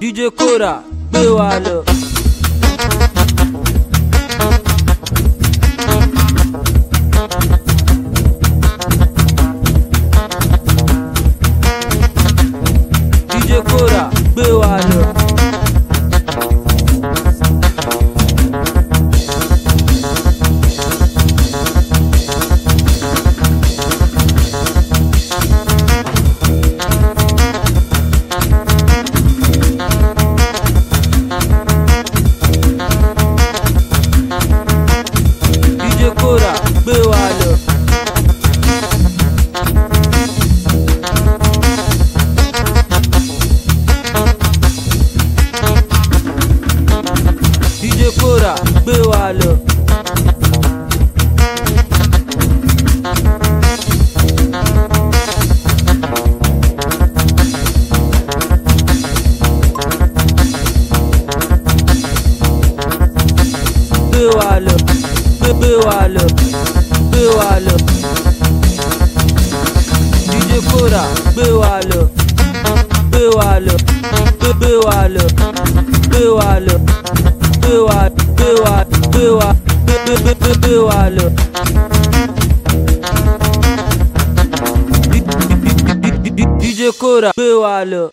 DJ Kora gbé wa lọ. DJ Kora gbé wa lọ. rà gbé wa lọ. DJ Kora gbé wa lọ. Gbé wa lọ gbé wa lọ gbé DJ Kora gbé wa lọ gbé wa lọ gbé wa lọ gbé wa lọ gbé wa gbé wa gbé wa DJ Kora gbé wa